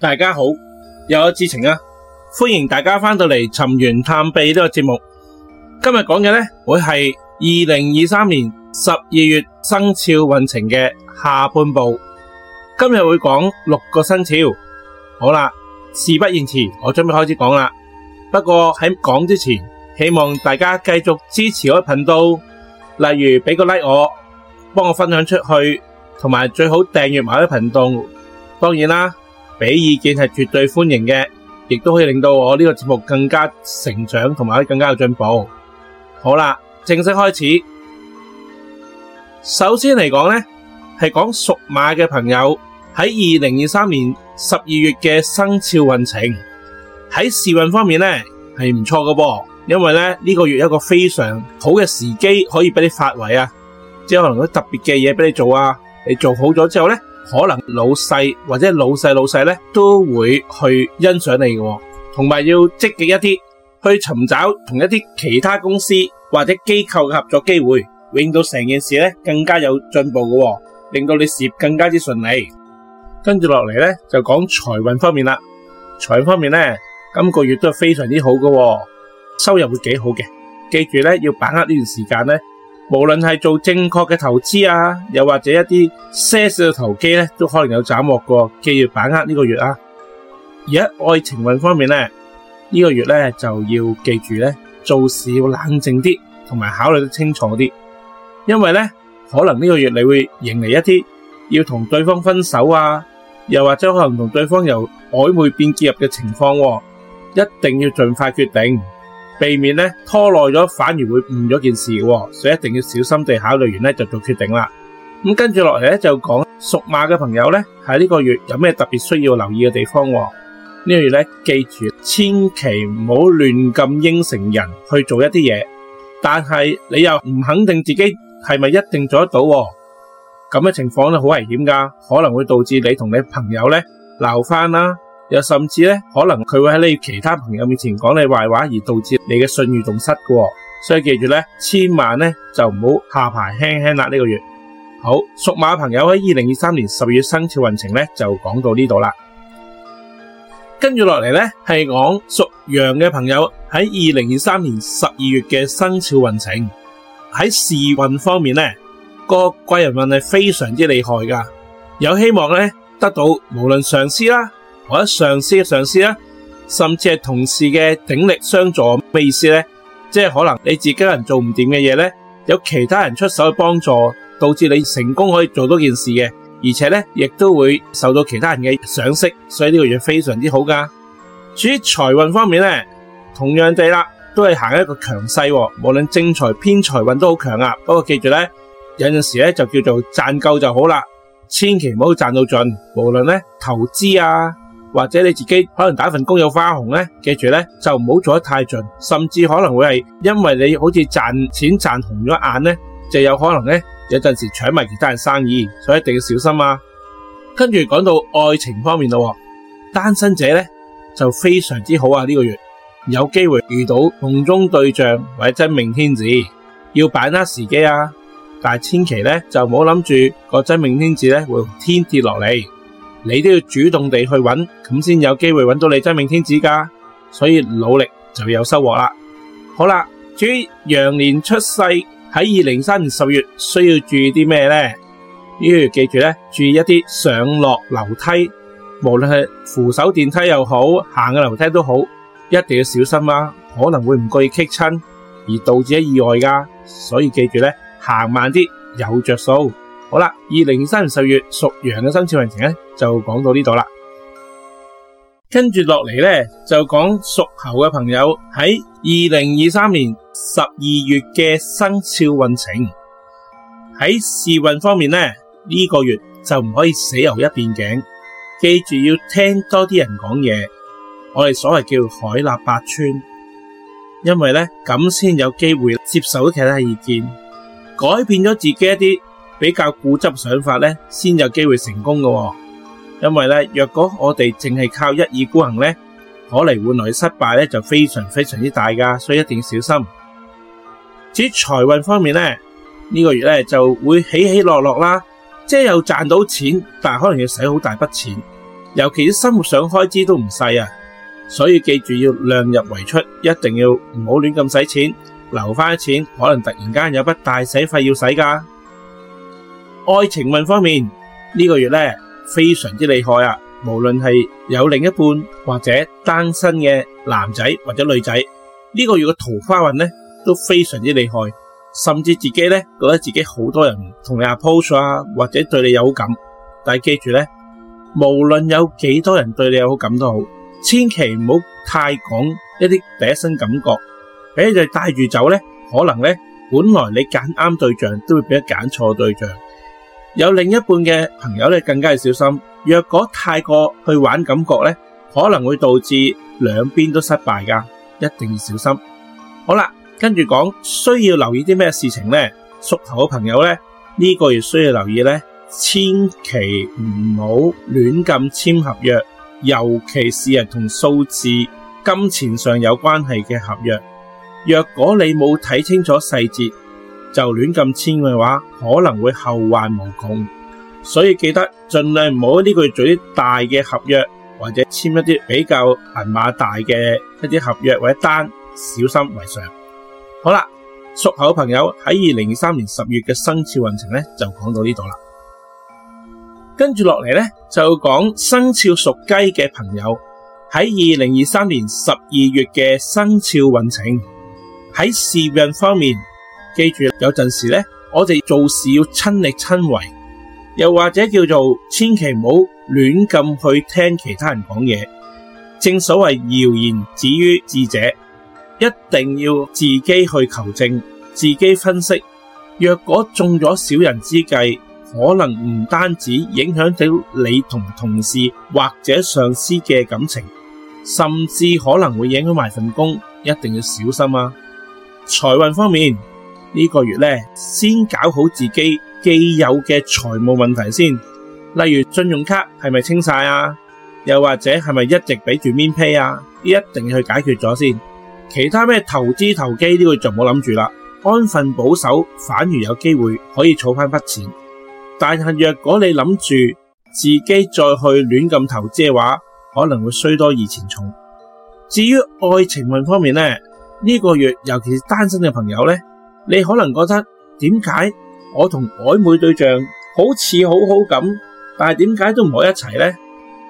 大家好，又有智澄啊！歡迎大家翻到嚟尋源探秘呢個節目。今日講嘅咧會係二零二三年十二月生肖運程嘅下半部。今日會講六個生肖。好啦，事不宜遲，我準備開始講啦。不過喺講之前，希望大家繼續支持我嘅頻道，例如畀個 like 我，幫我分享出去，同埋最好訂閱埋我嘅頻道。當然啦。俾意見係絕對歡迎嘅，亦都可以令到我呢個節目更加成長同埋更加有進步。好啦，正式開始。首先嚟講咧，係講屬馬嘅朋友喺二零二三年十二月嘅生肖運程。喺事運方面咧係唔錯嘅噃，因為咧呢個月有一個非常好嘅時機可以俾你發圍啊，即係可能有特別嘅嘢俾你做啊。你做好咗之後咧，可能老細或者老細老細咧都會去欣賞你嘅，同埋要積極一啲去尋找同一啲其他公司或者機構嘅合作機會，令到成件事咧更加有進步嘅，令到你事業更加之順利。跟住落嚟咧就講財運方面啦，財運方面咧今個月都係非常之好嘅，收入會幾好嘅。記住咧要把握呢段時間咧。無論係做正確嘅投資啊，又或者一啲些少嘅投機咧，都可能有斬獲嘅。記住把握呢個月啊！而喺愛情運方面咧，呢個月咧就要記住咧，做事要冷靜啲，同埋考慮得清楚啲。因為咧，可能呢個月你會迎嚟一啲要同對方分手啊，又或者可能同對方由曖昧變結入嘅情況，一定要盡快決定。避免拖耐咗，反而會誤咗件事，所以一定要小心地考慮完咧就做決定啦。咁跟住落嚟咧就講屬馬嘅朋友咧喺呢個月有咩特別需要留意嘅地方？呢、呢個月咧記住，千祈唔好亂咁應承人去做一啲嘢，但係你又唔肯定自己係咪一定做得到，咁嘅情況咧好危險噶，可能會導致你同你朋友咧鬧翻啦。又甚至咧，可能佢會喺你其他朋友面前講你壞話，而導致你嘅信譽仲失嘅哦。所以記住咧，千萬咧就唔好下排輕輕甩呢個月。好，屬馬嘅朋友喺二零二三年十二月生肖運程咧就講到呢度啦。跟住落嚟咧係講屬羊嘅朋友喺二零二三年十二月嘅生肖運程。喺事運方面咧，個貴人運係非常之厲害噶，有希望咧得到無論上司啦。或者上司嘅上司啦，甚至係同事嘅鼎力相助，咩意思咧？即係可能你自己人做唔掂嘅嘢咧，有其他人出手去幫助，導致你成功可以做到件事嘅，而且咧亦都會受到其他人嘅賞識，所以呢個嘢非常之好噶。至於財運方面咧，同樣地啦，都係行一個強勢，無論正財偏財運都好強啊。不過記住咧，有陣時咧就叫做賺夠就好啦，千祈唔好賺到盡，無論咧投資啊。或者你自己可能打份工有花紅咧，記住咧就唔好做得太盡，甚至可能會係因為你好似賺錢賺紅咗眼咧，就有可能咧有陣時搶埋其他人生意，所以一定要小心啊！跟住講到愛情方面咯，單身者咧就非常之好啊，呢個月有機會遇到夢中對象或者真命天子，要把握時機啊！但千祈咧就唔好諗住個真命天子咧會從天跌落嚟。你都要主動地去揾，咁先有機會揾到你真命天子噶所以努力就有收穫啦。好啦，至於羊年出世喺二零三十月需要注意啲咩咧？要記住咧，注意一啲上落樓梯，無論係扶手電梯又好，行嘅樓梯都好，一定要小心啦，啊，可能會唔覺意棘親而導致一意外噶，所以記住咧，行慢啲有着數。好啦，二零二三年十月屬羊嘅生肖運程咧，就講到呢度啦。跟住落嚟咧，就講屬猴嘅朋友喺二零二三年十二月嘅生肖運程，喺事運方面咧，呢個月就唔可以死牛一邊頸，記住要聽多啲人講嘢。我哋所謂叫海納百川，因為咧，咁先有機會接受啲其他意見，改變咗自己一啲。比較固執想法咧，先有機會成功噶。因為咧，若果我哋淨係靠一意孤行咧，可能換來失敗咧，就非常非常之大噶，所以一定要小心。至於財運方面咧，呢個月咧就會起起落落啦，即係有賺到錢，但係可能要使好大筆錢，尤其啲生活上開支都唔細啊，所以記住要量入為出，一定要唔好亂咁使錢，留翻啲錢，可能突然間有筆大使費要使噶。愛情運方面，呢個月咧非常之厲害啊！無論係有另一半或者單身嘅男仔或者女仔，呢個月嘅桃花運咧都非常之厲害。甚至自己咧覺得自己好多人同你 approach 啊，或者對你有好感。但係記住咧，無論有幾多人對你有好感都好，千祈唔好太講一啲第一身感覺，俾佢哋帶住走咧。可能咧本來你揀啱對象都會俾佢揀錯對象。有另一半嘅朋友咧，更加要小心。若果太過去玩感覺呢，可能會導致兩邊都失敗噶，一定要小心。好啦，跟住講需要留意啲咩事情呢？屬猴嘅朋友呢，呢個月需要留意呢，千祈唔好亂咁簽合約，尤其是同數字、金錢上有關係嘅合約。若果你冇睇清楚細節，就亂咁簽嘅話，可能會後患無窮，所以記得盡量唔好呢句做啲大嘅合約，或者簽一啲比較銀碼大嘅一啲合約或者單，小心為上。好啦，屬猴朋友喺二零二三年十月嘅生肖運程咧，就講到呢度啦。跟住落嚟咧，就講生肖屬雞嘅朋友喺二零二三年十二月嘅生肖運程喺事業運方面。記住，有陣時咧，我哋做事要親力親為，又或者叫做千祈唔好亂咁去聽其他人講嘢。正所謂謠言止於智者，一定要自己去求證，自己分析。若果中咗小人之計，可能唔單止影響到你同同事或者上司嘅感情，甚至可能會影響埋份工。一定要小心啊！財運方面。呢個月咧，先搞好自己既有嘅財務問題先，例如信用卡係咪清晒啊？又或者係咪一直俾住邊批 a 啊？一定要去解決咗先。其他咩投資投機呢、這個就唔好諗住啦，安分保守反而有機會可以儲翻筆錢。但係若果你諗住自己再去亂咁投資嘅話，可能會衰多而錢重。至於愛情問方面咧，呢、這個月尤其是單身嘅朋友咧。你可能覺得點解我同曖昧對象好似好好咁，但係點解都唔可以一齊呢？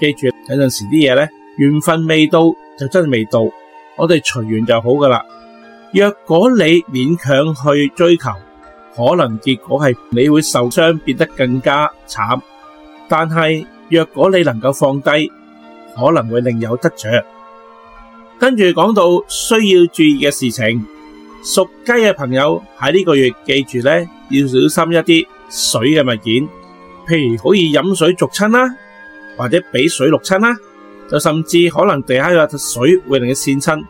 記住有陣時啲嘢咧，緣分未到就真係未到，我哋隨緣就好噶啦。若果你勉強去追求，可能結果係你會受傷，變得更加慘。但係若果你能夠放低，可能會另有得着。跟住講到需要注意嘅事情。屬雞嘅朋友喺呢個月記住呢，要小心一啲水嘅物件，譬如可以飲水逐親啦，或者俾水落親啦，就甚至可能地下有水會令你跣親，呢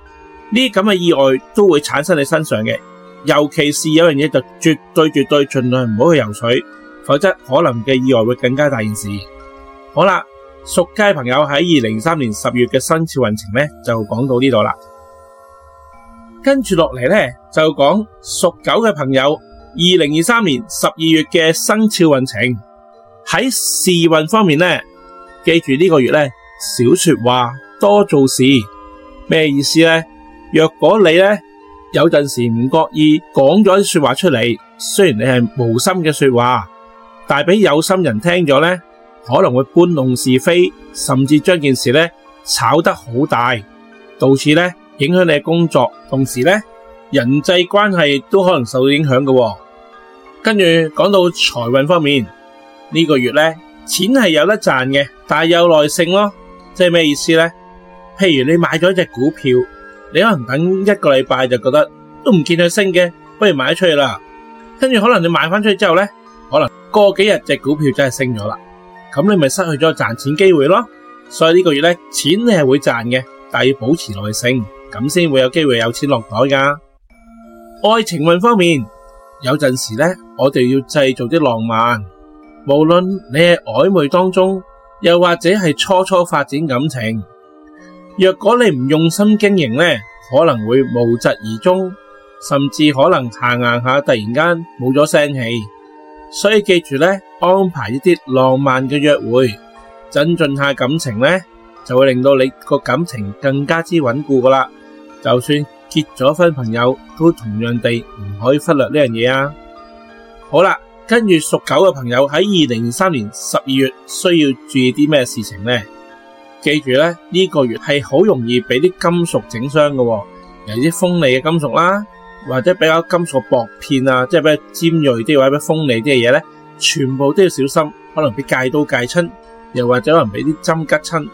啲咁嘅意外都會產生在你身上嘅。尤其是有樣嘢，就絕對絕對盡量唔好去游水，否則可能嘅意外會更加大件事。好啦，屬雞嘅朋友喺二零二三年十二月嘅生肖運程呢，就講到呢度啦。跟住落嚟咧，就講屬狗嘅朋友，二零二三年十二月嘅生肖運程喺事運方面咧，記住呢個月咧，少說話多做事。咩意思咧？若果你咧有陣時唔覺意講咗啲說話出嚟，雖然你係無心嘅說話，但係俾有心人聽咗咧，可能會搬弄是非，甚至將件事咧炒得好大，導致咧，影響你嘅工作，同時咧人際關係都可能受到影響㗎喎。跟住講到財運方面，呢個月咧錢係有得賺嘅，但係有耐性咯。即係咩意思咧？譬如你買咗一隻股票，你可能等一個禮拜就覺得都唔見佢升嘅，不如賣咗出去啦。跟住可能你賣翻出去之後咧，可能過幾日隻股票真係升咗啦，咁你咪失去咗賺錢機會咯。所以呢個月咧錢你係會賺嘅，但係要保持耐性。咁先會有機會有錢落袋噶啊。愛情運方面，有陣時咧，我哋要製造啲浪漫。無論你係曖昧當中，又或者係初初發展感情，若果你唔用心經營咧，可能會無疾而終，甚至可能行行下突然間冇咗聲氣。所以記住咧，安排一啲浪漫嘅約會，增進下感情咧，就會令到你個感情更加之穩固噶啦。就算結咗婚，朋友都同樣地唔可以忽略呢樣嘢啊！好啦，跟住屬狗嘅朋友喺二零二三年十二月需要注意啲咩事情呢？記住咧，呢個月係好容易俾啲金屬整傷嘅喎，尤其啲鋒利嘅金屬啦，或者比較金屬薄片啊，即係比較尖銳啲或者鋒利啲嘅嘢咧，全部都要小心，可能俾戒刀戒親，又或者可能俾啲針拮親，呢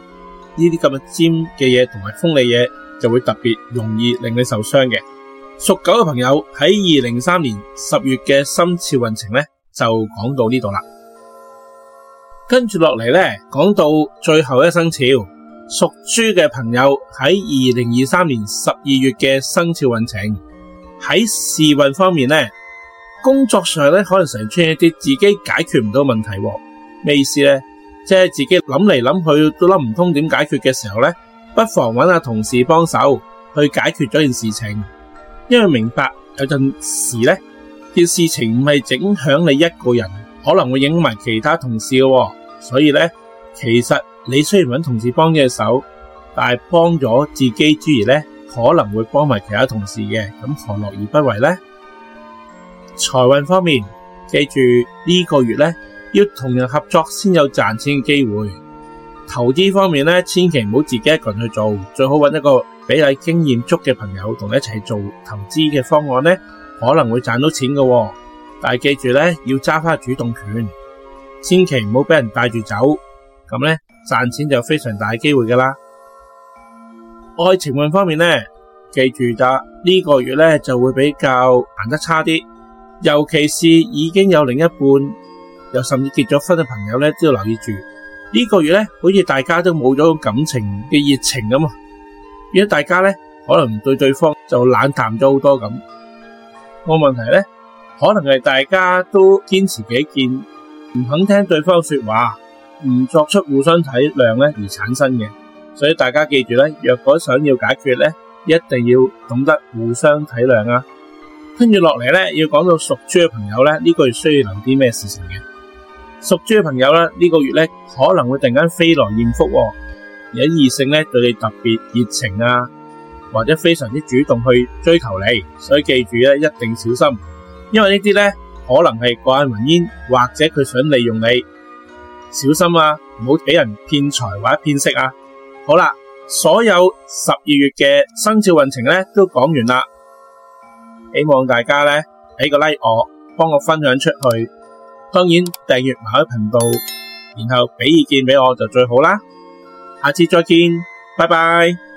啲咁嘅尖嘅嘢同埋鋒利嘢。就會特別容易令你受傷嘅。屬狗嘅朋友喺二零三年十月嘅生肖運程咧，就講到呢度啦。跟住落嚟咧，講到最後一生肖，屬豬嘅朋友喺二零二三年十二月嘅生肖運程，喺事運方面咧，工作上咧可能成日出現一啲自己解決唔到問題，咩意思咧？即係自己諗嚟諗去都諗唔通點解決嘅時候咧。不妨揾下同事幫手去解決咗件事情，因為明白有陣時呢，件事情唔係影響你一個人，可能會影埋其他同事㗎喎，所以呢，其實你雖然揾同事幫嘅手，但係幫咗自己之餘呢，可能會幫埋其他同事嘅，咁何樂而不為呢？財運方面，記住呢個月呢，要同人合作先有賺錢嘅機會。投資方面呢，千祈唔好自己一個人去做，最好揾一個比較經驗足嘅朋友同你一齊做投資嘅方案呢，可能會賺到錢噶。但係記住呢，要揸翻主動權，千祈唔好俾人帶住走。咁咧賺錢就非常大機會噶啦。愛情運方面呢，記住咋，呢個月咧就會比較行得差啲，尤其是已經有另一半又甚至結咗婚嘅朋友咧，都要留意住。呢個月呢，好似大家都冇咗感情嘅熱情咁啊，如果大家呢，可能對對方就冷淡咗好多咁。個問題呢，可能係大家都堅持己見，唔肯聽對方說話，唔作出互相體諒呢而產生嘅。所以大家記住呢，若果想要解決呢，一定要懂得互相體諒啊。跟住落嚟呢，要講到屬豬嘅朋友呢，呢、這個月需要諗啲咩事情嘅？屬豬嘅朋友啦，呢個月咧可能會突然間飛來艷福，有異性咧對你特別熱情啊，或者非常之主動去追求你，所以記住咧一定小心，因為呢啲咧可能係過眼雲煙，或者佢想利用你，小心啊，唔好俾人騙財或者騙色啊。好啦，所有十二月嘅生肖運程咧都講完啦，希望大家咧俾個 like 我，幫我分享出去。當然，訂閱埋我頻道，然後俾意見俾我就最好啦。下次再見，拜拜。